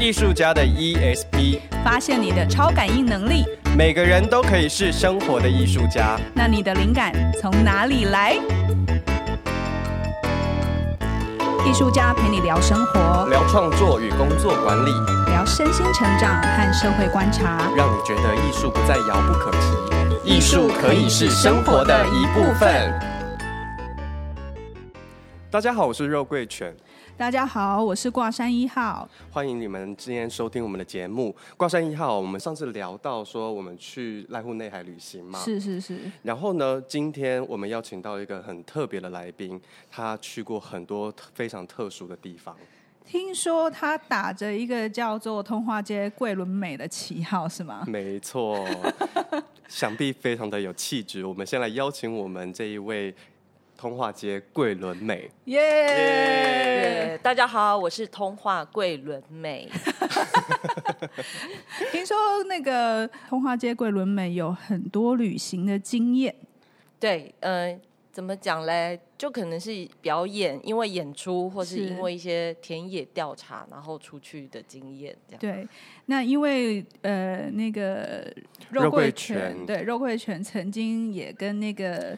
藝術家的 ESP，發現你的超感應能力。每個人都可以是生活的藝術家。那你的靈感從哪裡來？藝術家陪你聊生活，聊創作與工作管理，聊身心成長和社會觀察，讓你覺得藝術不再遙不可及。藝術可以是生活的一部分。部分。大家好，我是肉桂犬。大家好，我是卦山一號。歡迎你們今天收聽我們的節目，卦山一號。我們上次聊到說我們去瀨戶內海旅行嘛，是是是。然後呢，今天我們邀請到一個很特別的來賓，他去過很多非常特殊的地方。聽說他打着一個叫做“通化街桂綸鎂”的旗號，是嗎？沒錯， 想必非常的有氣質。我們先來邀請我們這一位。通化街桂綸鎂，耶 Yeah Yeah、yeah！大家好，我是通化桂綸鎂。 聽說那個通化街桂綸鎂有很多旅行的經驗。對，呃，怎麼講嘞？就可能是表演，因為演出，或是因為一些田野調查，然後出去的經驗這樣。對，那因為呃，那個肉桂犬，桂對，肉桂犬曾經也跟那個。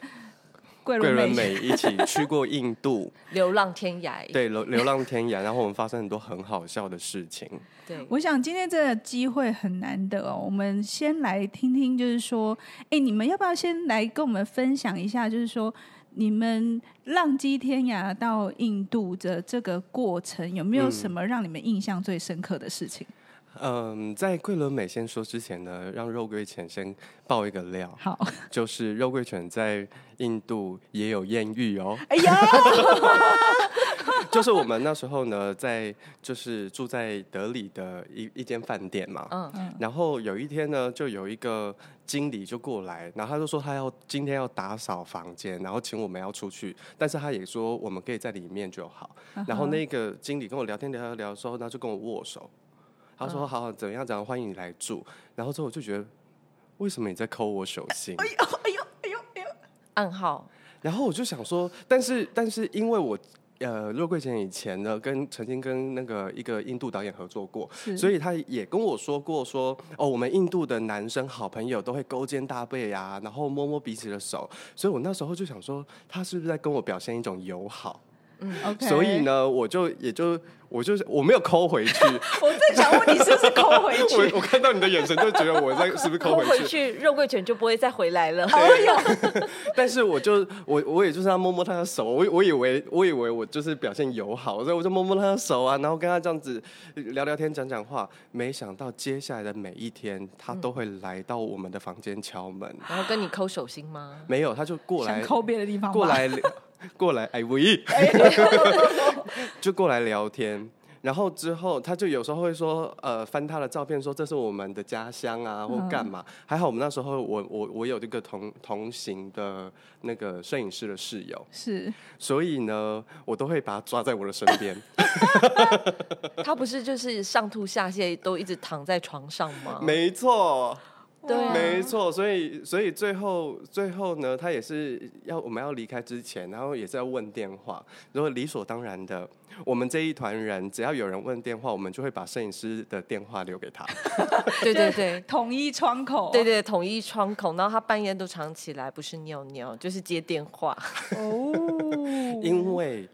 桂綸鎂一起去過印度， 流浪天涯。對，流流浪天涯，然後我們發生很多很好笑的事情。對，我想今天這個機會很難得哦。我們先來聽聽，就是說，哎、欸，你們要不要先來跟我們分享一下？就是說，你們浪跡天涯到印度的這個過程，有沒有什麼讓你們印象最深刻的事情？嗯嗯，在桂綸鎂先說之前呢，讓肉桂犬先爆一個料。好，就是肉桂犬在印度也有豔遇哦。哎呀， 就是我們那時候呢，在就是住在德里的一一間飯店嘛。嗯嗯。然後有一天呢，就有一個經理就過來，然後他就說他要今天要打掃房間，然後請我們要出去，但是他也說我們可以在裡面就好。Uh huh。然後那個經理跟我聊天聊聊聊的時候，他就跟我握手。他說：“好好，怎麼樣？怎樣歡迎你來住？”然後之後我就覺得，為什麼你在摳我手心哎？哎呦，哎呦，哎呦，哎呦，暗號。然後我就想說，但是但是，因為我呃，肉桂犬以前呢，跟曾經跟那個一個印度導演合作過，是所以他也跟我說過說，說哦，我們印度的男生好朋友都會勾肩搭背呀、啊，然後摸摸彼此的手。所以我那時候就想說，他是不是在跟我表現一種友好？嗯 okay，所以呢，我就也就我就是我沒有摳回去。 我在想，問你是不是摳回去 我？我看到你的眼神，就覺得我在是不是摳回， 回去？肉桂犬就不會再回來了。沒有對。 但是我就我我也就是要摸摸他的手，我我以為我以為我就是表現友好，所以我就摸摸他的手啊，然後跟他這樣子聊聊天，講講話。沒想到接下來的每一天，他都會來到我們的房間敲門，嗯。然後跟你摳手心嗎？沒有，他就過來摳別的地方。過來。過來哎、欸、喂，就過來聊天，然後之後他就有時候會說，呃，翻他的照片說這是我們的家鄉啊，或幹嘛。嗯、還好我們那時候我我我有這個同同行的那個攝影師的室友，是，所以呢我都會把他抓在我的身邊。 他不是就是上吐下瀉都一直躺在床上嗎？沒錯。對啊，沒錯，所以所以最後最後呢，他也是要我們要離開之前，然後也是要問電話。然後理所當然的，我們這一團人只要有人問電話，我們就會把攝影師的電話留給他。 對對對，就統一窗口。對對，統一窗口。然後他半夜都藏起來，不是尿尿就是接電話。哦。 因為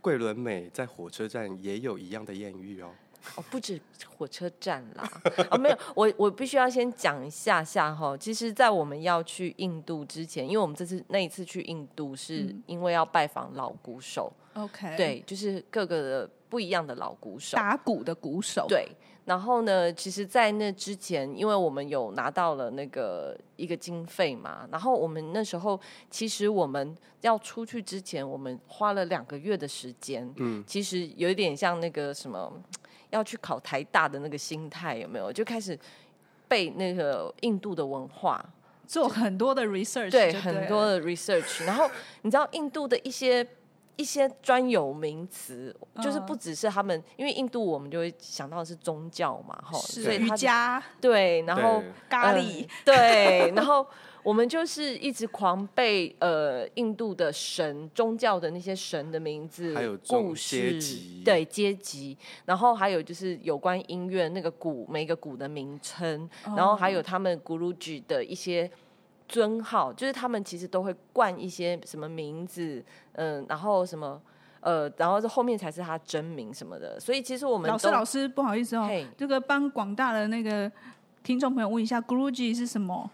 桂綸鎂在火車站也有一樣的豔遇哦。哦，不止火車站啦，哦，沒有，我我必須要先講一下下哈。其實，在我們要去印度之前，因為我們這次那一次去印度是因為要拜訪老鼓手，OK，嗯，對，就是各個的不一樣的老鼓手打鼓的鼓手，對。然後呢，其實，在那之前，因為我們有拿到了那個一個經費嘛，然後我們那時候其實我們要出去之前，我們花了兩個月的時間，嗯，其實有點像那個什麼。要去考台大的那個心態有沒有？就開始背那個印度的文化，做很多的 research，對，對很多的 research。然後你知道印度的一些一些專有名詞，嗯、就是不只是他們，因為印度我們就會想到的是宗教嘛，哈，是瑜伽對，然後咖喱對，然後。我們就是一直狂背呃，印度的神宗教的那些神的名字，還有中故事，對階級，然後還有就是有關音樂那個鼓，每個鼓的名稱，然後還有他們咕 u r 的一些尊號，就是他們其實都會冠一些什麼名字，嗯、呃，然後什麼呃，然後這後面才是他真名什麼的。所以其實我們老師老師不好意思哦、喔，hey, 這個幫廣大的那個聽眾朋友問一下咕 u r 是什麼？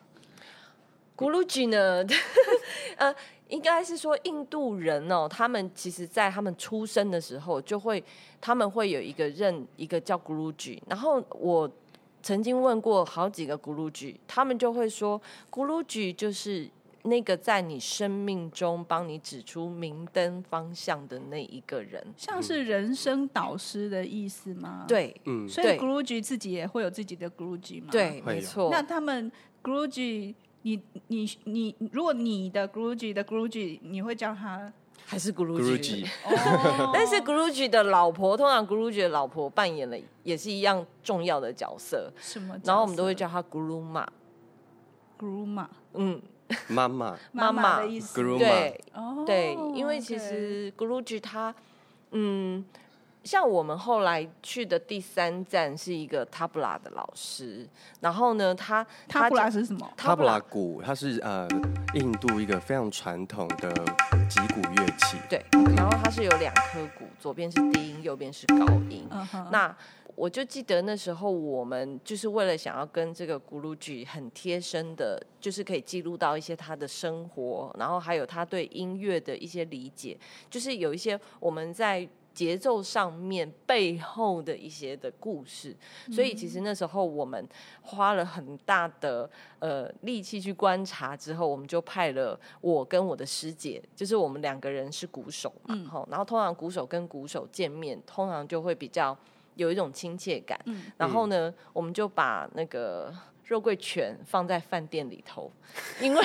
Guruji 呢？ 呃、應該是說印度人哦、喔，他們其實，在他們出生的時候，就會他們會有一個認一個叫 Guruji 然後我曾經問過好幾個 Guruji 他們就會說 Guruji 就是那個在你生命中幫你指出明燈方向的那一個人，像是人生導師的意思嗎？嗯、對，嗯，所以 Guruji 自己也會有自己的 Guruji 嘛對，沒錯。那他們 Guruji 你你你，如果你的 Guruji 的 Guruji，你會叫他還是 Guruji？但是 Guruji 的老婆，通常 Guruji 的老婆扮演了也是一樣重要的角色。什麼？然後我們都會叫她 Guruma，Guruma 嗯，媽媽，媽媽的意思。對，對，因為其實 Guruji 他，嗯。像我們後來去的第三站是一個塔布拉的老師，然後呢，他他，塔布拉是什麼？塔布拉鼓，它是呃印度一個非常傳統的擊鼓樂器。嗯、對，然後它是有兩顆鼓，左邊是低音，右邊是高音。嗯、那我就記得那時候我們就是為了想要跟這個古魯吉很貼身的，就是可以記錄到一些他的生活，然後還有他對音樂的一些理解，就是有一些我們在。節奏上面背後的一些的故事，所以其實那時候我們花了很大的呃力氣去觀察，之後我們就派了我跟我的師姐，就是我們兩個人是鼓手嘛，然後，然後通常鼓手跟鼓手見面，通常就會比較有一種親切感。然後呢，我們就把那個肉桂犬放在飯店裡頭，因為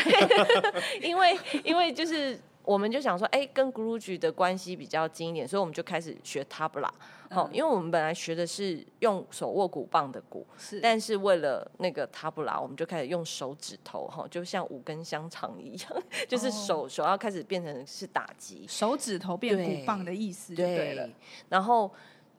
因為因為就是。我們就想說，哎，跟 Guruji 的關係比較近一點，所以我們就開始學 Tabla、嗯。好、哦，因為我們本來學的是用手握鼓棒的鼓，是但是為了那個 Tabla，我們就開始用手指頭，哈、哦，就像五根香腸一樣，就是手、哦、手要開始變成是打擊，手指頭變鼓棒的意思就對了。對對然後。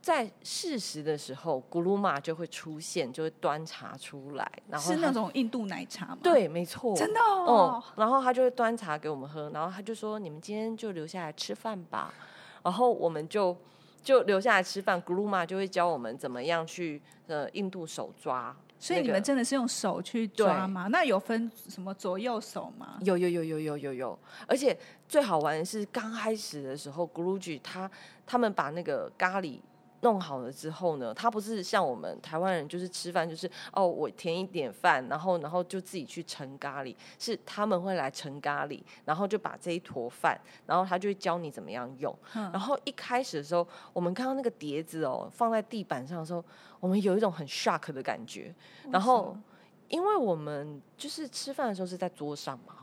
在事實的時候，古魯馬就會出現，就會端茶出來。然後，是那種印度奶茶嗎？對，沒錯，真的哦、嗯。然後他就會端茶給我們喝，然後他就說：“你們今天就留下來吃飯吧。”然後我們就就留下來吃飯。古魯馬就會教我們怎麼樣去呃印度手抓、那個。所以你們真的是用手去抓嗎？對那有分什麼左右手嗎？有有有有有有有，而且最好玩的是剛開始的時候，古魯吉他他們把那個咖喱。弄好了之後呢，他不是像我們台灣人，就是吃飯就是哦，我填一點飯，然後然後就自己去盛咖喱，是他們會來盛咖喱，然後就把這一坨飯，然後他就會教你怎麼樣用。嗯、然後一開始的時候，我們看到那個碟子哦，放在地板上的時候，我們有一種很 shock 的感覺。然後，為什麼？因為我們就是吃飯的時候是在桌上嘛。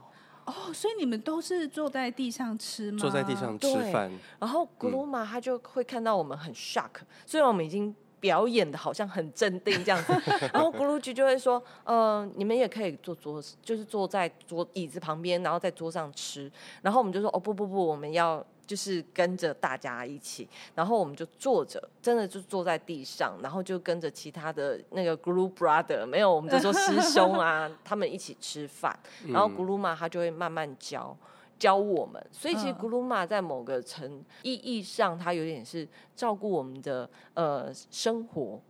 哦，oh, 所以你們都是坐在地上吃嗎？坐在地上吃飯。然後咕嚕瑪他就會看到我們很 shock，嗯、雖然我們已經表演的好像很鎮定這樣子， 然後咕嚕吉就會說，嗯、呃，你們也可以坐桌，就是坐在桌椅子旁邊，然後在桌上吃。然後我們就說，哦、喔、不不不，我們要。就是跟着大家一起，然後我們就坐着，真的就坐在地上，然後就跟着其他的那個 Guru Brother，沒有，我們就說師兄啊， 他們一起吃飯，然後 Guru Ma 他就會慢慢教教我們，所以其實 Guru Ma 在某個層、uh. 意義上，他有點是照顧我們的呃生活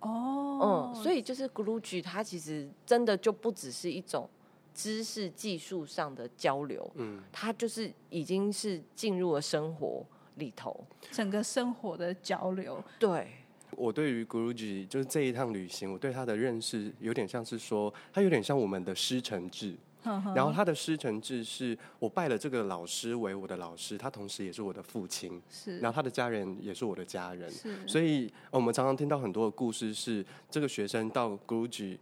哦，oh. 嗯，所以就是 Guruji，他其實真的就不只是一種。知識技術上的交流，嗯，他就是已經是進入了生活裡頭，整個生活的交流。對，我對於 Guruji 就是這一趟旅行，我對他的認識有點像是說，他有點像我們的師承制。嗯，然後他的師承制是我拜了這個老師為我的老師，他同時也是我的父親。是，然後他的家人也是我的家人。是，所以我們常常聽到很多的故事是，是這個學生到 Guruji。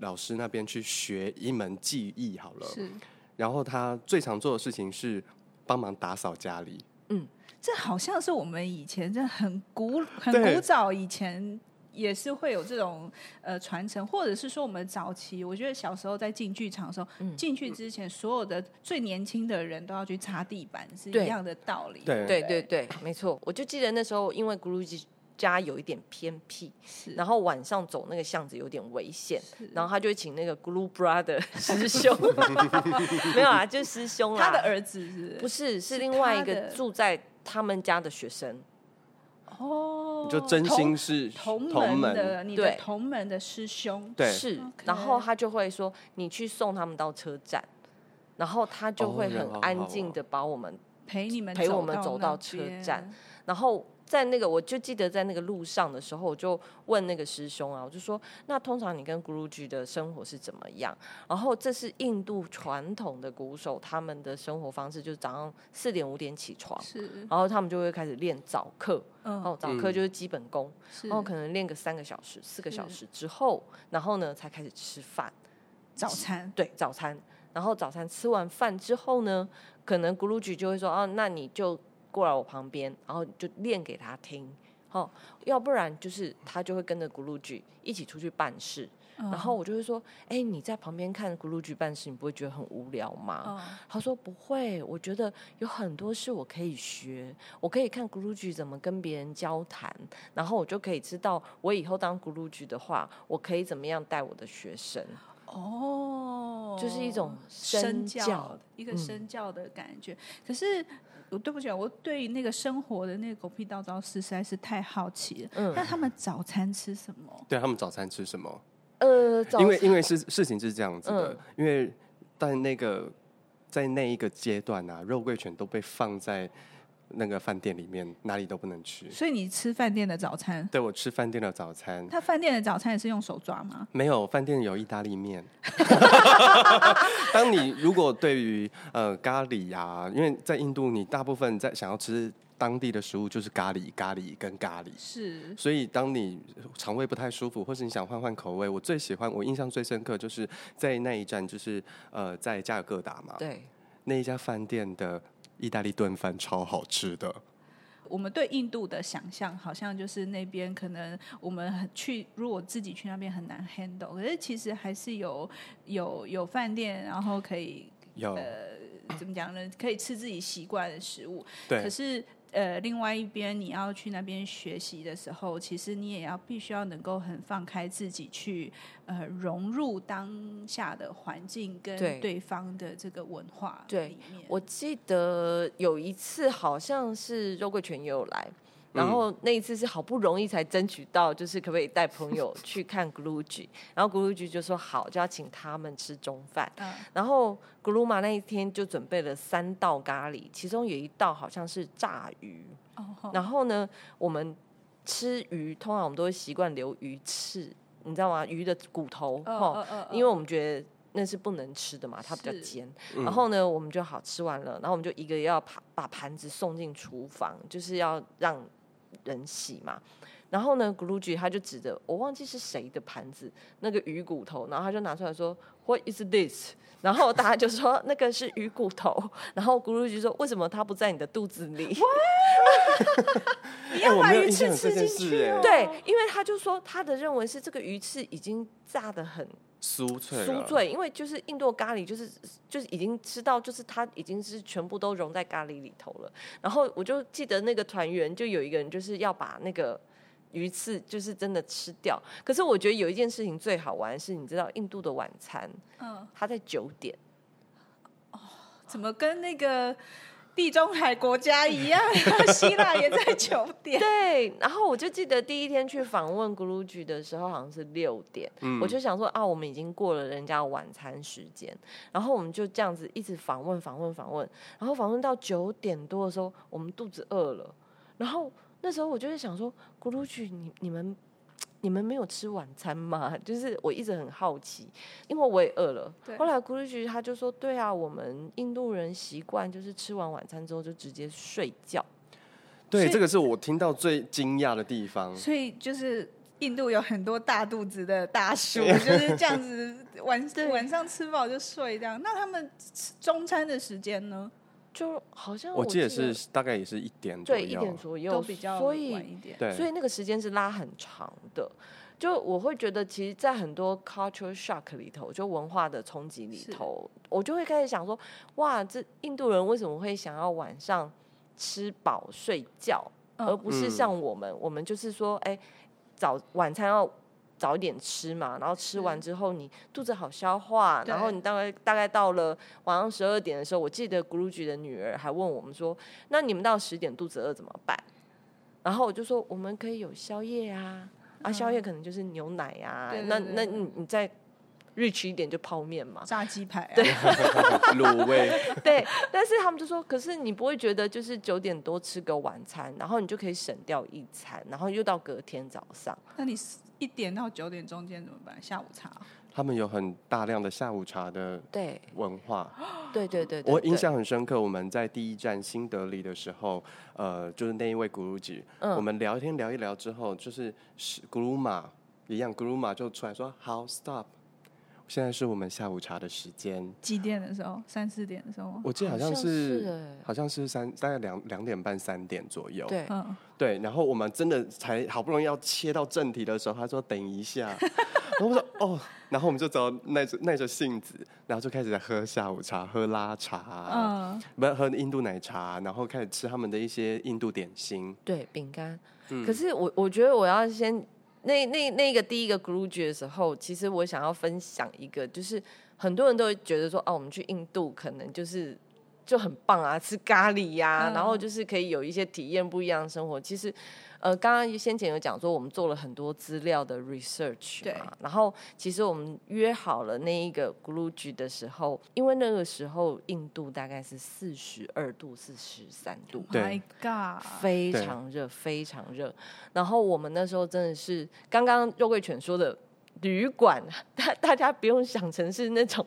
老師那邊去學一門技藝好了，是。然後他最常做的事情是幫忙打掃家裡。嗯，這好像是我們以前在很古、很古早以前也是會有這種對呃傳承，或者是說我們早期，我覺得小時候在進劇場的時候，嗯、進去之前、嗯、所有的最年輕的人都要去擦地板，對是一樣的道理。對對,對對對沒錯。我就記得那時候，因為 Guruji。家有一點偏僻，是然後晚上走那個巷子有點危險，是然後他就請那個 Guru Brother 師兄， 沒有啊，就師兄啊，他的兒子是不是，不是，是另外一個住在他們家的學生。哦，你就真心是同門同同的，對，同門的師兄，對，是。Okay. 然後他就會說：“你去送他們到車站。”然後他就會很安靜的把我們陪你們陪我們走到車站，然後。在那個，我就記得在那個路上的時候，我就問那個師兄啊，我就說，那通常你跟咕嚕 r 的生活是怎麼樣？然後這是印度傳統的鼓手，他們的生活方式就是早上四點五點起床，是然後他們就會開始練早課，嗯、哦，然後早課就是基本功，嗯、然後可能練個三個小時、四個小時之後，是然後呢才開始吃飯，早，早餐，對，早餐，然後早餐吃完飯之後呢，可能咕嚕 r 就會說，哦、啊，那你就。過來我旁邊，然後就練給他聽，哦、要不然就是他就會跟着 Guruji 一起出去辦事，嗯、然後我就會說，哎，你在旁邊看 Guruji 辦事，你不會覺得很無聊嗎？嗯、他說不會，我覺得有很多事我可以學，我可以看 Guruji 怎麼跟別人交談，然後我就可以知道我以後當 Guruji 的話，我可以怎麼樣帶我的學生。哦，就是一種身教，身教，一個身教的感覺，嗯、可是。我對不起，啊，我對那個生活的那個狗屁倒灶事實在是太好奇了。嗯，那他們早餐吃什麼？對，他們早餐吃什麼？呃早因，因為因為事事情是這樣子的，嗯、因為在那個在那一個階段啊，肉桂犬都被放在。那個飯店裡面哪裡都不能吃。所以你吃飯店的早餐？對，我吃飯店的早餐。他飯店的早餐也是用手抓嗎？沒有，飯店有意大利麵。 當你如果對於呃咖喱呀、啊，因為在印度，你大部分在想要吃當地的食物就是咖喱、咖喱跟咖喱。是。所以當你腸胃不太舒服，或是你想換換口味，我最喜歡，我印象最深刻就是在那一站，就是、呃、在加爾各答嘛。對。那一家飯店的。意大利燉飯超好吃的。我們對印度的想象好像就是那邊可能我們去，如果自己去那邊很難 handle。可是其實還是有有有飯店，然後可以有、呃、怎麼講呢？啊、可以吃自己習慣的食物。對，可是。呃，另外一邊你要去那邊學習的時候，其實你也要必須要能夠很放開自己去，去、呃、融入當下的環境跟對方的這個文化裡面。對，我記得有一次好像是肉桂犬也有來。然後那一次是好不容易才爭取到，就是可不可以帶朋友去看 Guruji？ 然後 Guruji 就說好，就要請他們吃中飯。Uh, 然後 Guruma 那一天就準備了三道咖喱，其中有一道好像是炸魚。Uh huh. 然後呢，我們吃魚通常我們都會習慣留魚翅，你知道嗎？魚的骨頭，哦、uh uh uh uh. 因為我們覺得那是不能吃的嘛，它比較尖。是然後呢，我們就好吃完了，然後我們就一個要把把盤子送進廚房，就是要讓。人洗嘛，然後呢 Guruji 他就指着我忘記是誰的盤子，那個魚骨頭，然後他就拿出來說 What is this？然後大家就說 那個是魚骨頭，然後 Guruji 說為什麼它不在你的肚子裡？What? 你哈哈哈要把魚刺吃進去？欸欸、對，因為他就說他的認為是這個魚刺已經炸得很。酥脆，酥脆，因為就是印度咖喱，就是就是已經吃到，就是它已經是全部都融在咖喱裡頭了。然後我就記得那個團員就有一個人，就是要把那個魚刺就是真的吃掉。可是我覺得有一件事情最好玩是，你知道印度的晚餐，嗯，它在九點，哦，怎麼跟那個？地中海國家一樣，希臘也在九點。 對，然後我就記得第一天去訪問 Guruji 的時候，好像是六點。嗯，我就想說啊，我們已經過了人家晚餐時間，然後我們就這樣子一直訪問、訪問、訪問，然後訪問到九點多的時候，我們肚子餓了。然後那時候我就會想說，Guruji，你你們。你們沒有吃晚餐嗎？就是我一直很好奇，因為我也餓了。對後來 Guruji 他就說：“對啊，我們印度人習慣就是吃完晚餐之後就直接睡覺。”對，以這個是我聽到最驚訝的地方。所以就是印度有很多大肚子的大叔對就是這樣子晚對晚上吃飽就睡，這樣。那他們吃中餐的時間呢？就好像我記，我記得是大概也是一點左右，對一點左右，都比較晚一點，以對，所以那個時間是拉很長的。就我會覺得，其實，在很多 culture shock 裡頭，就文化的衝擊裡頭，是我就會開始想說，哇，這印度人為什麼會想要晚上吃飽睡覺，哦、而不是像我們？嗯、我們就是說，哎、欸，早晚餐要。早一點吃嘛，然後吃完之後你肚子好消化，對然後你大概大概到了晚上十二點的時候，我記得 Guruji 的女兒還問我們說：“那你們到十點肚子餓怎麼辦？”然後我就說：“我們可以有宵夜啊，嗯、啊，宵夜可能就是牛奶呀、啊。對對對那”那那你你在。rich 一點就泡麵嘛，炸雞排、啊，對，滷 裸味，對。但是他們就說，可是你不會覺得，就是九點多吃個晚餐，然後你就可以省掉一餐，然後又到隔天早上。那你一點到九點中間怎麼辦？下午茶、啊？他們有很大量的下午茶的對文化，對對對，對。我印象很深刻，我們在第一站新德里的時候，呃，就是那一位古魯吉，嗯，我們聊天聊一聊之後，就是古魯馬一樣，古魯馬就出來說，好，stop。現在是我們下午茶的時間，幾點的時候？三四點的時候？我記得好像是，像是欸、好像是三，大概兩兩點半、三點左右。對，嗯、對。然後我們真的才好不容易要切到正題的時候，他說等一下， 然後我說哦，然後我們就走，耐着耐着性子，然後就開始喝下午茶，喝拉茶，嗯，不喝印度奶茶，然後開始吃他們的一些印度點心，對，餅乾。嗯、可是我我覺得我要先。那那那個第一個 Guruji 的時候，其實我想要分享一個，就是很多人都會覺得說，哦，我們去印度可能就是。就很棒啊，吃咖喱呀、啊，嗯、然後就是可以有一些體驗不一樣的生活。其實，呃，剛剛先前有講說我們做了很多資料的 research 嘛，對。然後其實我們約好了那一個 Guruji 的時候，因為那個時候印度大概是四十二度、四十三度，對、Oh、，My God，非常熱，非常熱。對然後我們那時候真的是剛剛肉桂犬說的旅館，大大家不用想成是那種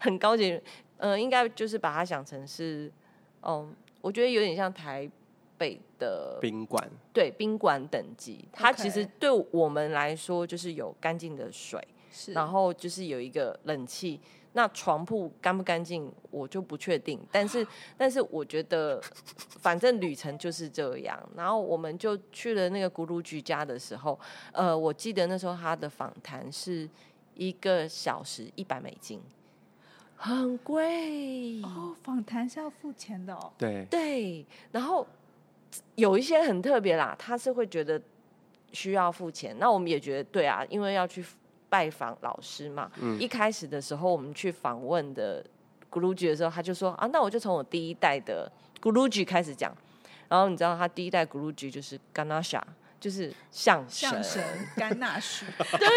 很高級。嗯、呃，應該就是把它想成是，嗯，我覺得有點像台北的賓館，賓館對，賓館等級。Okay 它其實對我們來說就是有乾淨的水，是然後就是有一個冷氣。那床鋪乾不乾淨我就不確定，但是但是我覺得反正旅程就是這樣。然後我們就去了那個咕嚕居家的時候，呃，我記得那時候他的訪談是一個小時一百美金。很貴哦，訪談是要付錢的哦。對對，然後有一些很特別啦，他是會覺得需要付錢。那我們也覺得對啊，因為要去拜訪老師嘛。嗯。一開始的時候，我們去訪問的 Guruji 的時候，他就說啊，那我就從我第一代的 Guruji 開始講。然後你知道，他第一代 Guruji 就是 Ganasha，就是象神。象神甘納須。 對。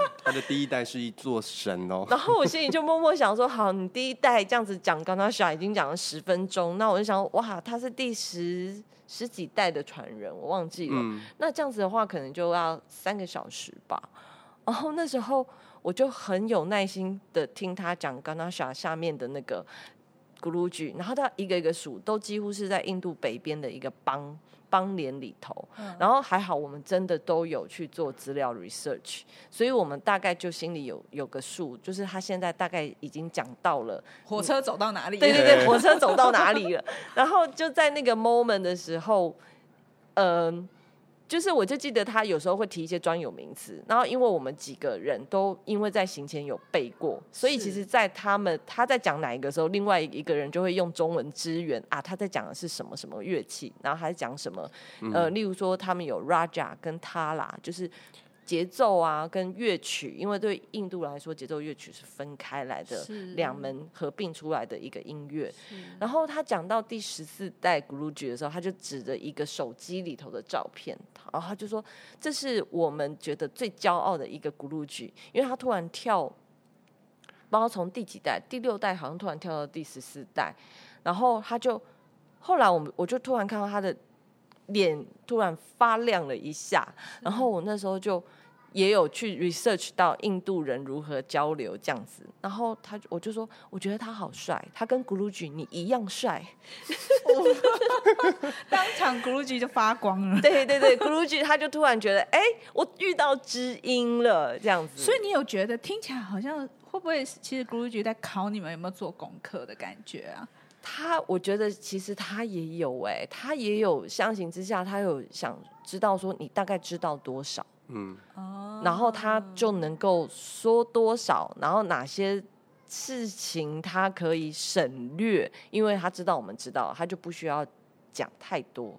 嗯他的第一代是一座神哦，然後我心裡就默默想說：好，你第一代這樣子講，Ganesha 已經講了十分鐘，那我就想，哇，他是第十十幾代的傳人，我忘記了。嗯、那這樣子的話，可能就要三個小時吧。然後那時候我就很有耐心的聽他講，Ganesha 下面的那個。然後他一個一個數，都幾乎是在印度北邊的一個邦邦聯裡頭。嗯、然後還好，我們真的都有去做資料 research，所以我們大概就心裡有有個數，就是他現在大概已經講到了火車走到哪裡，對對對， 火車走到哪裡了。然後就在那個 moment 的時候，嗯、呃。就是，我就記得他有時候會提一些專有名詞，然後因為我們幾個人都因為在行前有背過，是所以其實，在他們他在講哪一個時候，另外一個人就會用中文支援啊，他在講的是什麼什麼樂器，然後還是講什麼，嗯、呃，例如說他們有 raja 跟 tala，就是。節奏啊，跟樂曲，因為對印度來說，節奏樂曲是分開來的兩是門合併出來的一個音樂。是然後他講到第十四代 Guruji 的時候，他就指着一個手機裡頭的照片，然後他就說：“這是我們覺得最驕傲的一個 Guruji 因為他突然跳，不知道從第幾代，第六代好像突然跳到第十四代。然後他就後來我們，我我就突然看到他的。臉突然發亮了一下，然後我那時候就也有去 research 到印度人如何交流這樣子，然後他我就說，我覺得他好帥，他跟 Guruji 你一樣帥， 哦，當場 Guruji 就發光了。對對對 ，Guruji 他就突然覺得，哎，我遇到知音了這樣子。所以你有覺得聽起來好像會不會，其實 Guruji 在考你們有沒有做功課的感覺啊？他，我覺得其實他也有哎、欸，他也有相形之下，他有想知道說你大概知道多少，嗯，然後他就能夠說多少，然後哪些事情他可以省略，因為他知道我們知道，他就不需要講太多，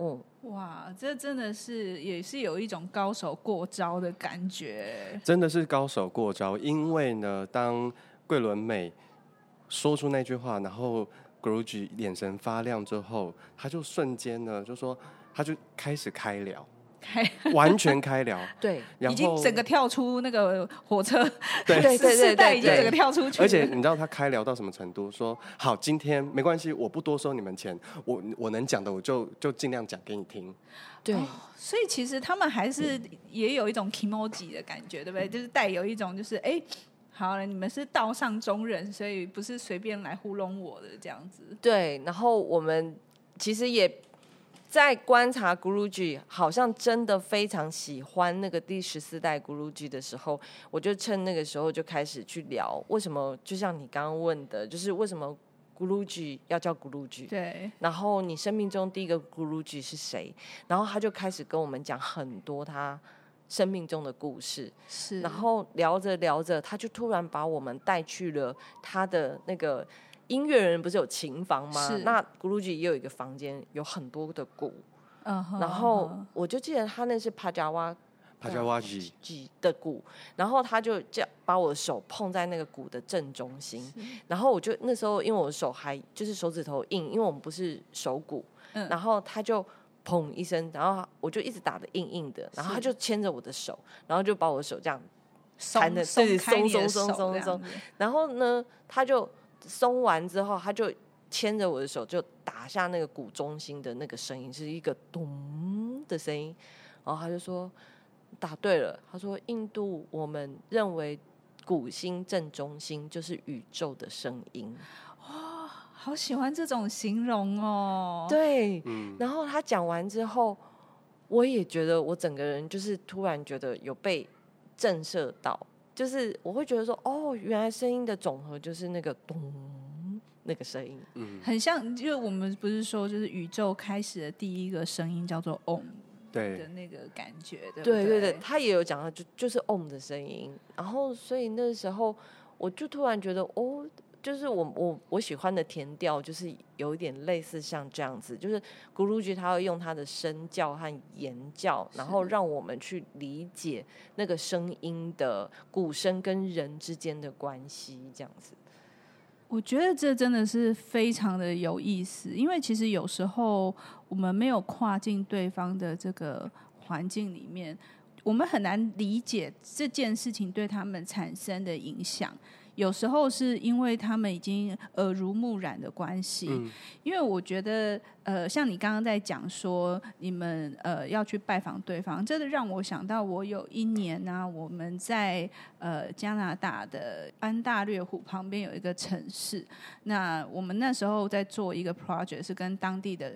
嗯、哇，這真的是也是有一種高手過招的感覺，真的是高手過招，因為呢，當桂綸鎂。說出那句話，然後 Guruji 眼神發亮之後，他就瞬間呢，就說，他就開始開聊，開完全開聊， 對，然後已經整個跳出那個火車，對對對對，世代已經整個跳出去。而且你知道他開聊到什麼程度？說好，今天沒關係，我不多收你們錢，我我能講的，我就就盡量講給你聽。對，哦、所以其實他們還是也有一種 kimoji 的感覺，嗯、對不對？就是帶有一種就是哎。好了，你們是道上中人，所以不是隨便來糊弄我的這樣子。對，然後我們其實也在觀察 Guruji，好像真的非常喜歡那個第十四代 Guruji 的時候，我就趁那個時候就開始去聊，為什麼就像你剛剛問的，就是為什麼 Guruji 要叫 Guruji？對。然後你生命中第一個 Guruji 是誰？然後他就開始跟我們講很多他。生命中的故事，是，然後聊着聊着，他就突然把我們帶去了他的那個音樂人不是有琴房嗎？是，那咕 u r 也有一個房間，有很多的鼓，uh、huh，然後我就記得他那是帕加瓦帕加瓦吉吉的鼓，然後他就這樣把我的手碰在那個鼓的正中心，是然後我就那時候因為我的手還就是手指頭硬，因為我們不是手鼓，嗯、然後他就。砰一聲，然後我就一直打的硬硬的，然後他就牽着我的手，然後就把我的手這樣，彈得是的鬆松松松，然後呢，他就鬆完之後，他就牽着我的手就打下那個鼓中心的那個聲音，是一個咚的聲音。然後他就說打對了，他說印度我們認為鼓心正中心就是宇宙的聲音。好喜歡這種形容哦！對，嗯、然後他講完之後，我也覺得我整個人就是突然覺得有被震懾到，就是我會覺得說，哦，原來聲音的總和就是那個咚，那個聲音，嗯，很像，就我們不是說，就是宇宙開始的第一個聲音叫做嗡，對的那個感覺，對對對，對對對，他也有講到就，就就是嗡的聲音，然後所以那時候我就突然覺得，哦。就是我我我喜歡的田調，就是有一點類似像這樣子，就是 Guruji，他要用他的身教和言教，然後讓我們去理解那個聲音的鼓聲跟人之間的關係，這樣子。我覺得這真的是非常的有意思，因為其實有時候我們沒有跨進對方的這個環境裡面，我們很難理解這件事情對他們產生的影響。有時候是因為他們已經耳濡目染的關係，嗯、因為我覺得，呃，像你剛剛在講說你們呃要去拜訪對方，真的讓我想到我有一年呢、啊，我們在呃加拿大的安大略湖旁邊有一個城市，那我們那時候在做一個 project 是跟當地的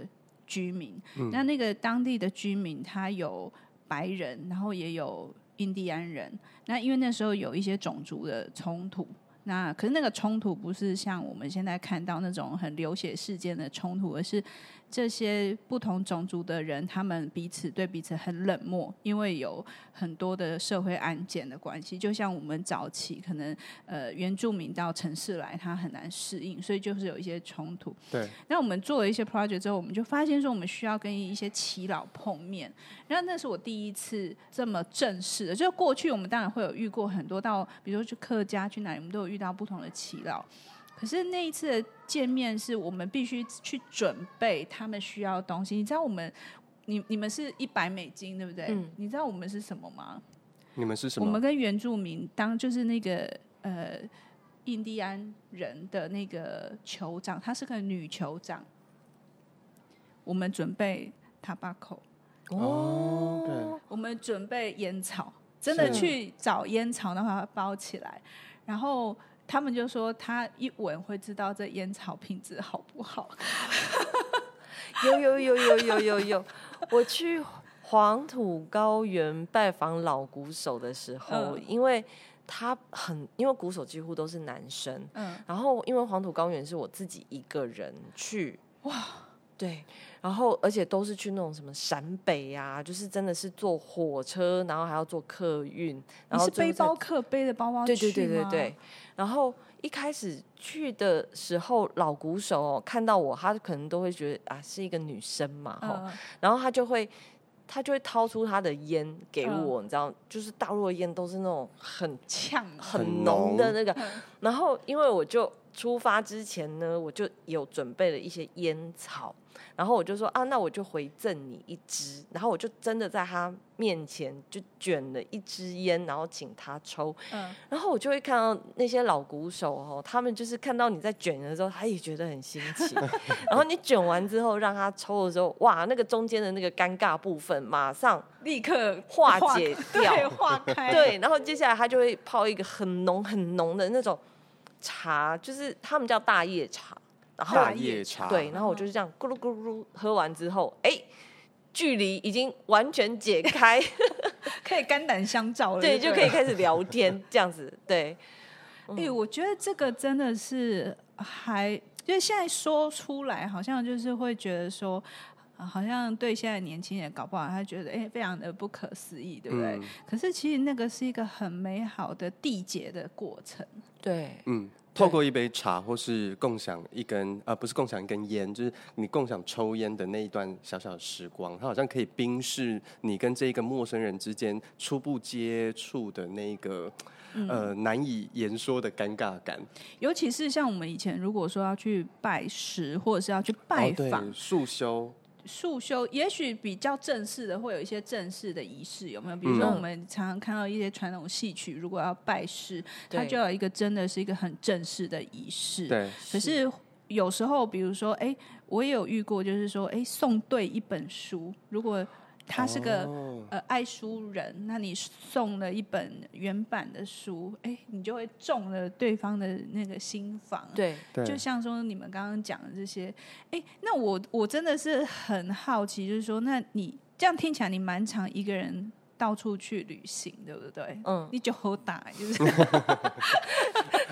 居民，嗯、那那個當地的居民他有白人，然後也有印第安人，那因為那時候有一些種族的衝突。那可是那個衝突不是像我們現在看到那種很流血事件的衝突，而是，這些不同種族的人，他們彼此對彼此很冷漠，因為有很多的社會案件的關係。就像我們早期可能呃原住民到城市來，他很難適應，所以就是有一些衝突。對。那我們做了一些 project 之後，我們就發現說，我們需要跟一些耆老碰面。然後那是我第一次這麼正式的，就過去我們當然會有遇過很多到，比如說去客家去哪裡，我們都有遇到不同的耆老。可是那一次的見面是我們必須去準備他們需要的東西。你知道我們，你你們是一百美金對不對？嗯。你知道我們是什麼嗎？你們是什麼？我們跟原住民當就是那個呃印第安人的那個酋長，她是個女酋長。我們準備 tabaco 哦，哦，對。我們準備菸草，真的去找菸草的話包起來，是然後。他們就說他一聞會知道這菸草品質好不好。 有有有有有有有，我去黃土高原拜訪老鼓手的時候，因為他很，因為鼓手幾乎都是男生，然後因為黃土高原是我自己一個人去，哇。對，然後而且都是去那種什麼陝北啊，就是真的是坐火車，然後還要坐客運，然後,後你是背包客背着包包去，對對對對對。然後一開始去的時候，老鼓手、哦、看到我，他可能都會覺得啊，是一個女生嘛，哈、嗯。然後他就會他就會掏出他的菸給我，嗯、你知道，就是大陸的菸，都是那種很嗆、很濃的那個。很濃。然後因為我就。出發之前呢，我就有準備了一些煙草，然後我就說啊，那我就回贈你一支，然後我就真的在他面前就卷了一支煙，然後請他抽。嗯，然後我就會看到那些老鼓手哦，他們就是看到你在卷的時候，他也覺得很新奇。 然後你卷完之後讓他抽的時候，哇，那個中間的那個尷尬部分，馬上立刻化解掉，化，對，化開。對，然後接下來他就會泡一個很濃很濃的那種。茶就是他們叫大葉茶，然後大葉茶對，然後我就是這樣咕嚕咕嚕喝完之後，哎、嗯欸，距離已經完全解開， 可以肝膽相照了,對了，對，就可以開始聊天 這樣子，對。哎、嗯欸，我覺得這個真的是還，因為現在說出來好像就是會覺得說。好像對現在年輕人搞不好，他覺得哎，非常的不可思議，對不對？嗯、可是其實那個是一個很美好的締結的過程，對。嗯，透過一杯茶或是共享一根，呃不是共享一根煙，就是你共享抽煙的那一段小小時光，它好像可以冰釋你跟這個陌生人之間初步接觸的那一個呃難以言說的尷尬感、嗯。尤其是像我們以前如果說要去拜師或者是要去拜訪速、哦、修。束修也許比較正式的會有一些正式的儀式，有沒有？比如說我們常常看到一些傳統戲曲，如果要拜師，嗯、它就要一個真的是一個很正式的儀式。對可是有時候，比如說，哎、欸，我也有遇過，就是說，哎、欸，送對一本書，如果。他是個、哦、呃愛書人，那你送了一本原版的書，哎、欸，你就會中了對方的那個心防。對，就像說你們剛剛講的這些，哎、欸，那我我真的是很好奇，就是說，那你這樣聽起來，你蠻常一個人到處去旅行，對不對？嗯，你就好大就是，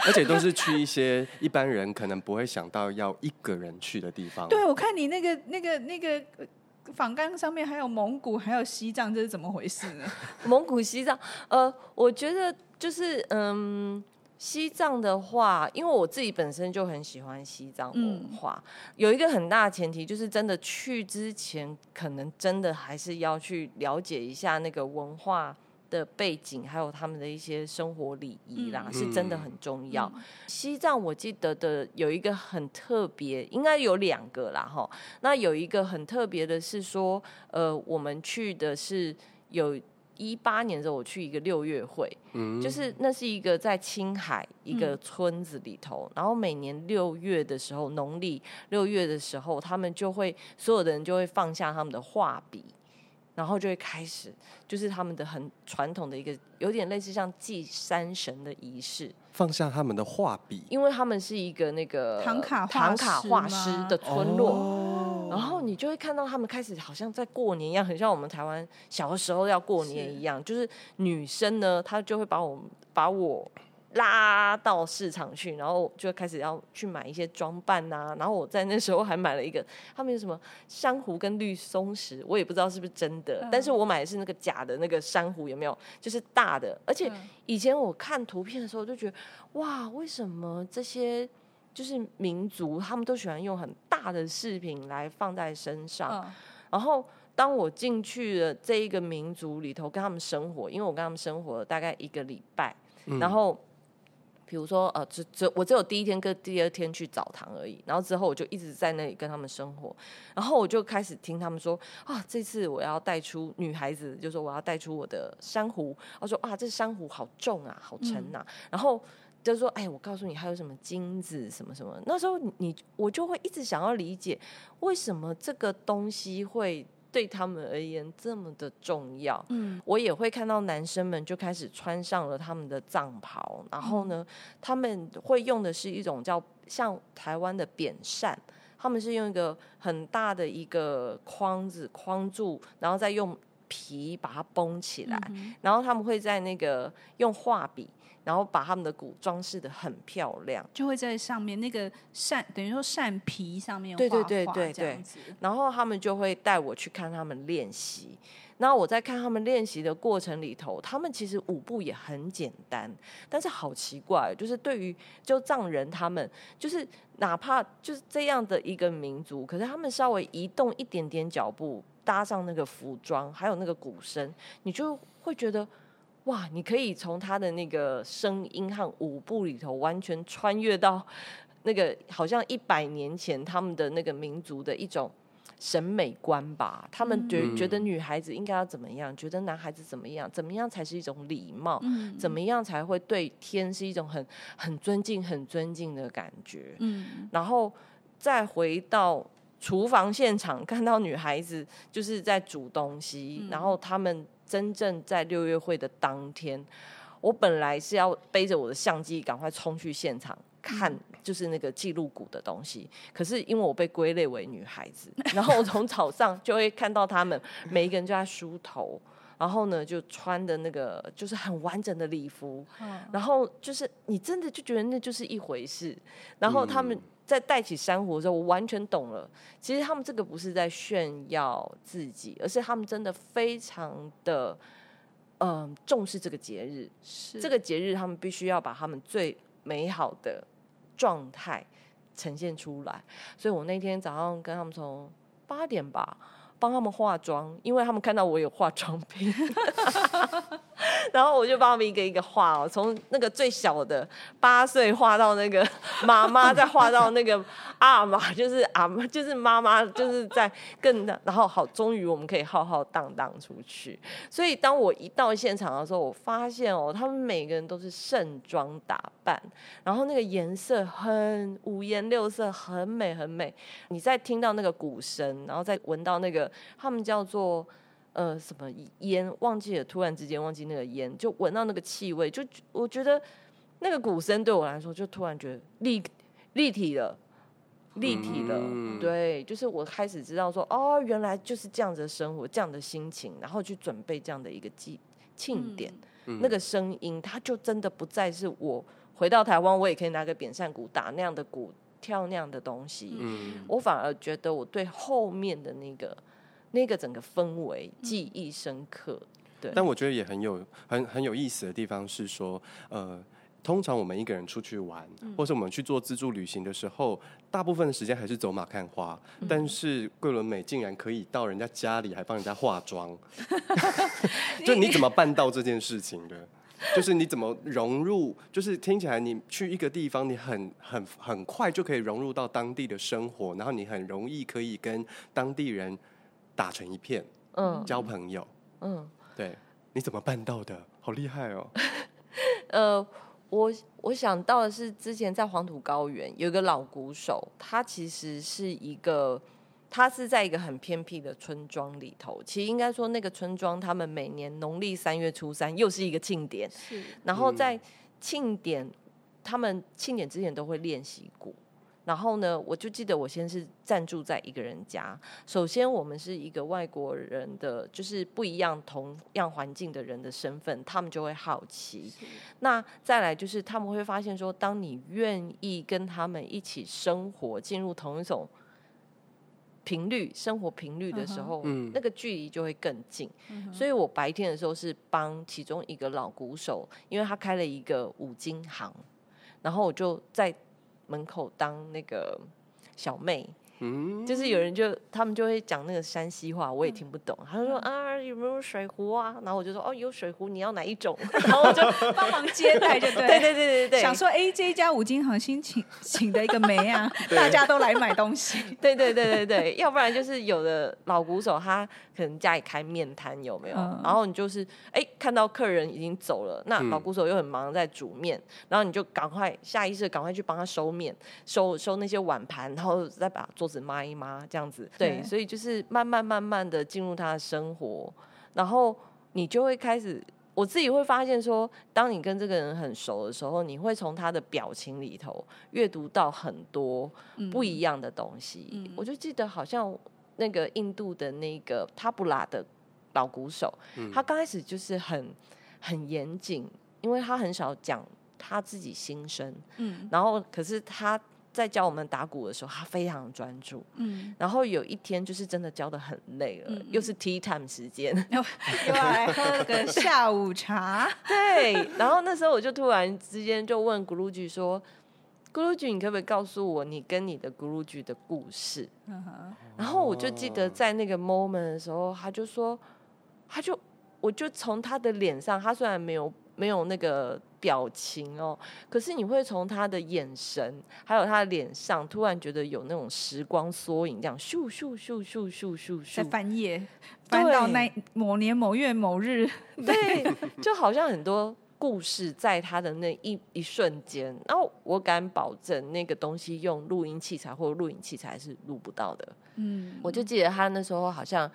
而且都是去一些一般人可能不會想到要一個人去的地方的。對，我看你那個那個那個。那個仿干上面還有蒙古，還有西藏，這是怎麼回事呢？蒙古、西藏，呃，我覺得就是嗯，西藏的話，因為我自己本身就很喜歡西藏文化，嗯、有一個很大的前提就是，真的去之前，可能真的還是要去了解一下那個文化。的背景還有他們的一些生活禮儀啦，嗯、是真的很重要。嗯嗯、西藏我記得的有一個很特別，應該有兩個啦哈。那有一個很特別的是說，呃，我們去的是有一八年的時候，我去一個六月會，嗯、就是那是一個在青海一個村子裡頭，嗯、然後每年六月的時候，農曆六月的時候，他們就會所有的人就會放下他們的畫筆。然後就會開始，就是他們的很傳統的一個，有點類似像祭山神的儀式，放下他們的畫筆，因為他們是一個那個唐卡唐卡畫師的村落，然後你就會看到他們開始好像在過年一樣，很像我們台灣小的時候要過年一樣，就是女生呢，她就會把我把我。拉到市場去，然後就開始要去買一些裝扮吶、啊。然後我在那時候還買了一個，他們有什麼珊瑚跟綠松石，我也不知道是不是真的，嗯、但是我買的是那個假的那個珊瑚，有沒有？就是大的。而且以前我看圖片的時候我就覺得，嗯、哇，為什麼這些就是民族他們都喜歡用很大的飾品來放在身上？嗯、然後當我進去了這一個民族裡頭，跟他們生活，因為我跟他們生活了大概一個禮拜，嗯、然後。比如說，呃，只只，我只有第一天跟第二天去澡堂而已，然後之後我就一直在那裡跟他們生活，然後我就開始聽他們說，啊，這次我要帶出女孩子，就說我要帶出我的珊瑚，我說啊，這珊瑚好重啊，好沉吶，啊，嗯，然後就說，哎，我告訴你還有什麼金子，什麼什麼，那時候你我就會一直想要理解，為什麼這個東西會。對他們而言這麼的重要，嗯，我也會看到男生們就開始穿上了他們的藏袍，然後呢，他們會用的是一種叫像台灣的扁扇，他們是用一個很大的一個框子框住，然後再用皮把它繃起來，嗯、哼然後他們會在那個用畫筆。然後把他們的鼓裝飾得很漂亮，就會在上面那個扇，等於說扇皮上面畫畫，對對對對對對，這樣子。然後他們就會帶我去看他們練習。那我在看他們練習的過程裡頭，他們其實舞步也很簡單，但是好奇怪，就是對於就藏人他們，就是哪怕就是這樣的一個民族，可是他們稍微移動一點點腳步，搭上那個服裝，還有那個鼓聲，你就會覺得。哇，你可以從他的那個聲音和舞步裡頭，完全穿越到那個好像一百年前他們的那個民族的一種審美觀吧。他們覺、嗯、覺得女孩子應該要怎麼樣，覺得男孩子怎麼樣，怎麼樣才是一種禮貌，嗯、怎麼樣才會對天是一種很很尊敬、很尊敬的感覺。嗯，然後再回到廚房現場，看到女孩子就是在煮東西，嗯、然後他們。真正在六月會的當天，我本來是要背着我的相機趕快衝去現場看，就是那個記錄鼓的東西。可是因為我被歸類為女孩子，然後我從早上就會看到他們每一個人就在梳頭，然後呢就穿的那個就是很完整的禮服，然後就是你真的就覺得那就是一回事，然後他們。在帶起珊瑚的時候，我完全懂了。其實他們這個不是在炫耀自己，而是他們真的非常的嗯、呃、重視這個節日。是這個節日，他們必須要把他們最美好的狀態呈現出來。所以我那天早上跟他們從八點吧幫他們化妝，因為他們看到我有化妝品。 然後我就幫他們一個一個畫哦，從那個最小的八歲畫到那個媽媽，再畫到那個阿媽，就是阿，就是媽媽，就是在更然後好，終於我們可以浩浩蕩蕩出去。所以當我一到現場的時候，我發現哦，他們每個人都是盛裝打扮，然後那個顏色很五顏六色，很美很美。你再聽到那個鼓聲，然後再聞到那個，他們叫做。呃，什麼煙忘記了？突然之間忘記那個煙，就聞到那個氣味，就我覺得那個鼓聲對我來說，就突然覺得立立體了，立體了。嗯、對，就是我開始知道說，哦，原來就是這樣的生活，這樣的心情，然後去準備這樣的一個祭慶典。嗯、那個聲音，它就真的不再是我回到台灣，我也可以拿個扁扇鼓打那樣的鼓，跳那樣的東西。嗯、我反而覺得我對後面的那個。那個整個氛圍記憶深刻，對。但我覺得也很有很很有意思的地方是說，呃，通常我們一個人出去玩，嗯、或是我們去做自助旅行的時候，大部分的時間還是走馬看花。嗯、但是桂綸鎂竟然可以到人家家裡，還幫人家化妝， 就你怎麼辦到這件事情的？ 就是你怎麼融入？就是聽起來你去一個地方，你很很很快就可以融入到當地的生活，然後你很容易可以跟當地人。打成一片，嗯，交朋友，嗯，對，你怎麼辦到的？好厲害哦！ 呃，我我想到的是，之前在黃土高原有一個老鼓手，他其實是一個，他是在一個很偏僻的村莊裡頭。其實應該說，那個村莊他們每年農曆三月初三又是一個慶典，是。然後在慶典，他們慶典之前都會練習過。然後呢，我就記得我先是暫住在一個人家。首先，我們是一個外國人的，就是不一樣同樣環境的人的身份，他們就會好奇。是。那再來就是他們會發現說，當你願意跟他們一起生活，進入同一種頻率生活頻率的時候，嗯、uh，huh. 那個距離就會更近。Uh huh. 所以我白天的時候是幫其中一個老鼓手，因為他開了一個五金行，然後我就在。門口當那個小妹，嗯，就是有人就他們就會講那個山西話，我也聽不懂。嗯、他就說啊，有沒有水壺啊？然後我就說哦，有水壺，你要哪一種？ 然後我就 幫忙接待就，就 對,對對對對對，想說 AJ 加五金行新請請的一個妹啊， 大家都來買東西， 對,對,對對對對對，要不然就是有的老鼓手他。可能家裡開面攤有沒有？Uh, 然後你就是哎、欸，看到客人已經走了，那老鼓手又很忙在煮麵，嗯、然後你就趕快下意識趕快去幫他收面，收收那些碗盤，然後再把桌子抹一抹，這樣子。Uh. 對，所以就是慢慢慢慢的進入他的生活，然後你就會開始，我自己會發現說，當你跟這個人很熟的時候，你會從他的表情裡頭閱讀到很多不一樣的東西。嗯、我就記得好像。那個印度的那個塔布拉的老鼓手，嗯、他剛開始就是很很嚴謹，因為他很少講他自己心聲。嗯，然後可是他在教我們打鼓的時候，他非常專注。嗯，然後有一天就是真的教得很累了，嗯、又是 tea time 時間，又又來喝個下午茶對。 對，然後那時候我就突然之間就問 Guruji 說。Guruji，你可不可以告訴我你跟你的 Guruji 的故事？Uh huh. 然後我就記得在那個 moment 的時候，他就說，他就，我就從他的臉上，他雖然沒有沒有那個表情哦，可是你會從他的眼神還有他的臉上，突然覺得有那種時光縮影，這樣，咻咻咻咻咻咻咻，在翻頁翻到那某年某月某日，對，對 就好像很多。故事在他的那一一瞬間，然後我敢保證那個東西用錄音器材或錄影器材是錄不到的。嗯，我就記得他那時候好像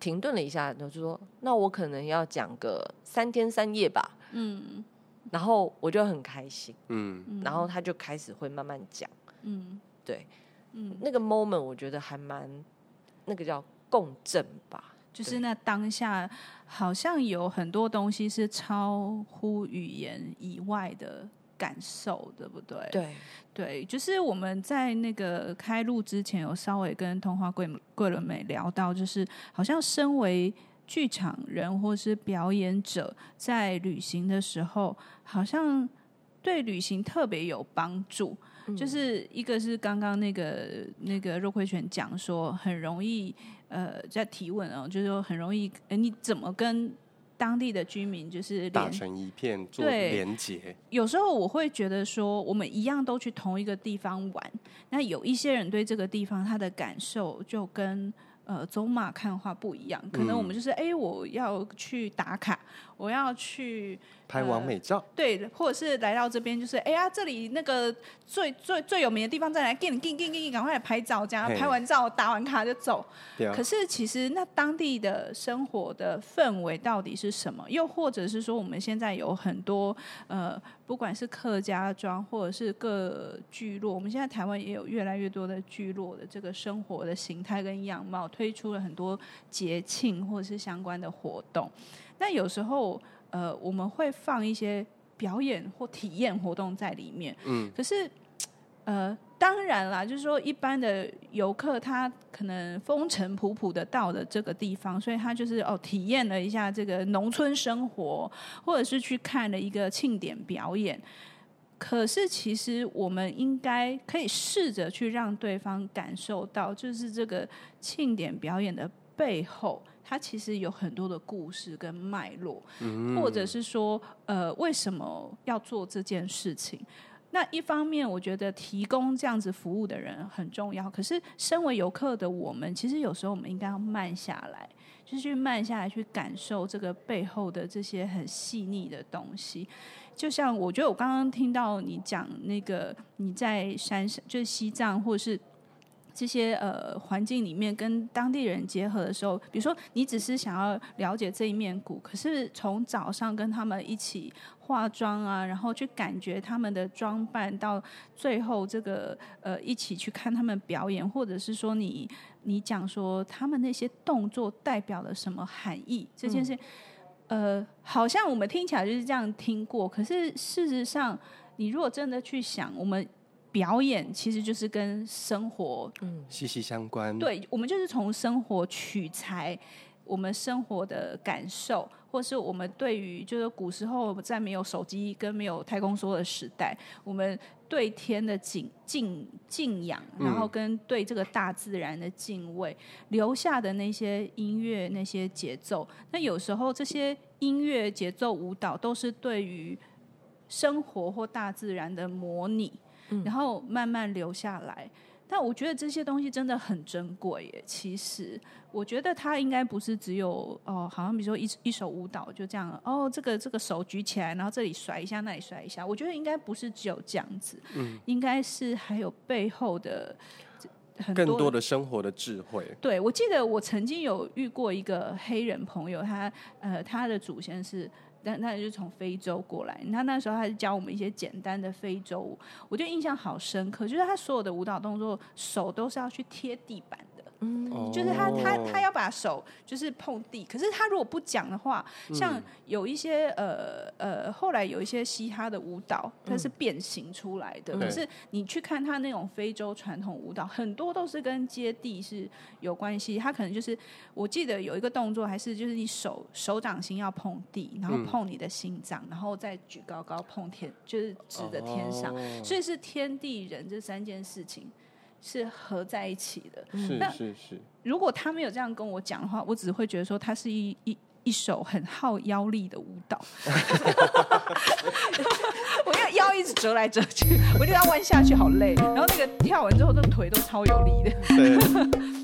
停頓了一下，然後就是說：“那我可能要講個三天三夜吧。”嗯，然後我就很開心。嗯，然後他就開始會慢慢講。嗯，對，嗯，那個 moment 我覺得還蠻那個叫共振吧。就是那當下，好像有很多東西是超乎語言以外的感受，對不對？對對，就是我們在那個開錄之前，有稍微跟通化桂桂綸鎂聊到，就是好像身為劇場人或是表演者，在旅行的時候，好像對旅行特別有幫助。就是一個是剛剛那個那個肉桂犬講說很容易，呃，在提問哦，就說、是、很容易、欸，你怎麼跟當地的居民就是連打成一片，做連接，有時候我會覺得說，我們一樣都去同一個地方玩，那有一些人對這個地方他的感受就跟呃走馬看花不一樣，可能我們就是哎、欸，我要去打卡。我要去拍完美照，對，或者是來到這邊，就是哎呀，這裡那個最最最有名的地方，再來，趕緊趕緊趕緊，趕快來拍照，這樣拍完照打完卡就走。對啊。可是其實那當地的生活的氛圍到底是什麼？又或者是說，我們現在有很多呃，不管是客家莊或者是各聚落，我們現在台灣也有越來越多的聚落的這個生活的形態跟樣貌，推出了很多節慶或者是相關的活動。但有時候，呃，我們會放一些表演或體驗活動在裡面。嗯，可是，呃，當然啦，就是說一般的遊客他可能風塵僕僕的到了這個地方，所以他就是哦體驗了一下這個農村生活，或者是去看了一個慶典表演。可是，其實我們應該可以試着去讓對方感受到，就是這個慶典表演的背後。它其實有很多的故事跟脈絡，或者是說，呃，為什麼要做這件事情？那一方面，我覺得提供這樣子服務的人很重要。可是，身為遊客的我們，其實有時候我們應該要慢下來，就是去慢下來去感受這個背後的這些很細膩的東西。就像我覺得，我剛剛聽到你講那個你在山上，就是西藏，或是。這些呃環境裡面跟當地人結合的時候，比如說你只是想要了解這一面鼓，可是從早上跟他們一起化妝啊，然後去感覺他們的裝扮，到最後這個呃一起去看他們表演，或者是說你你講說他們那些動作代表了什麼含義這件事，嗯、呃，好像我們聽起來就是這樣聽過，可是事實上你如果真的去想，我們。表演其實就是跟生活嗯，息息相關。對，我們就是從生活取材，我們生活的感受，或是我們對於就是古時候在沒有手機跟沒有太空梭的時代，我們對天的敬敬敬仰，然後跟對這個大自然的敬畏，嗯、留下的那些音樂、那些節奏，那有時候這些音樂節奏舞蹈都是對於生活或大自然的模擬。然後慢慢留下來，但我覺得這些東西真的很珍貴耶。其實我覺得它應該不是只有哦，好像比如說一一首舞蹈就這樣哦，這個這個手舉起來，然後這裡甩一下，那裡甩一下。我覺得應該不是只有這樣子，嗯，應該是還有背後的很多的更多的生活的智慧。對，我記得我曾經有遇過一個黑人朋友，他呃，他的祖先是。但他就是從非洲過來，那他那時候他是教我們一些簡單的非洲舞，我覺得印象好深刻，就是他所有的舞蹈動作手都是要去貼地板。就是他、oh. 他他要把手就是碰地，可是他如果不講的話，嗯、像有一些呃呃，後來有一些嘻哈的舞蹈，它是變形出來的。嗯、可是你去看他那種非洲傳統舞蹈，很多都是跟接地是有關係。他可能就是我記得有一個動作，還是就是你手手掌心要碰地，然後碰你的心臟，嗯、然後再舉高高碰天，就是指著天上，oh. 所以是天地人這三件事情。是合在一起的。嗯、那是是是。如果他沒有這樣跟我講的話，我只會覺得說他是一一一首很耗腰力的舞蹈。 我腰一直折來折去，我都要彎下去，好累。然後那個跳完之後，那個腿都超有力的。對。